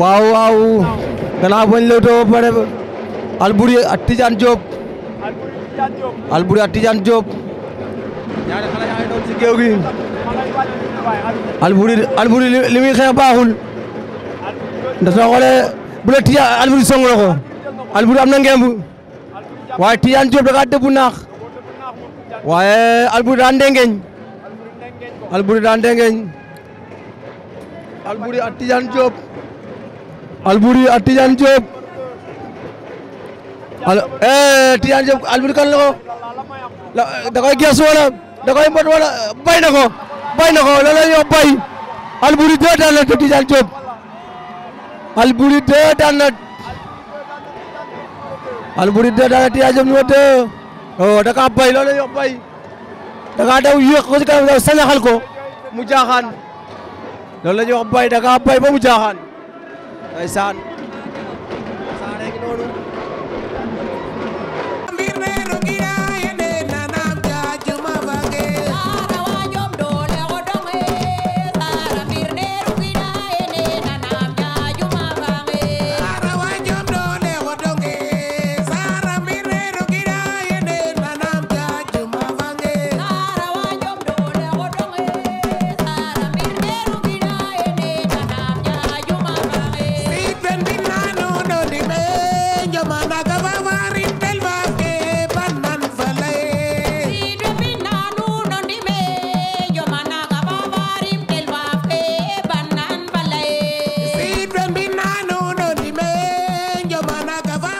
waaw waaw gannaaw bañ lewtoo ba pare Alboury ak Tidiane Diop Alboury ak Tidiane Diop ñaari xale yaa ngi doon ci géew gi baaxul ndax soo xoolee bu la Tidiane Alboury song am na ngemb waaye Tidiane Diop da kaa dëbbu naax waaye Alboury daan ndengeñ Alboury daan ndengeñ Alboury ak Tidiane job Alboury ak Tidiane Diop alors eh Tidiane ko da koy wala da koy mbot wala bay na ko bay na ko loolu la ñuy bay Alboury deux daan na Tidiane Diop Alboury deux daan na Alboury deux daan na Tidiane oh, bay loolu la ñuy bay da kaa daw yéex ko si kanam ko mu jaaxaan loolu la ñuy bay da bay ba mu jaaxaan. ndeysaan yo van a acabar.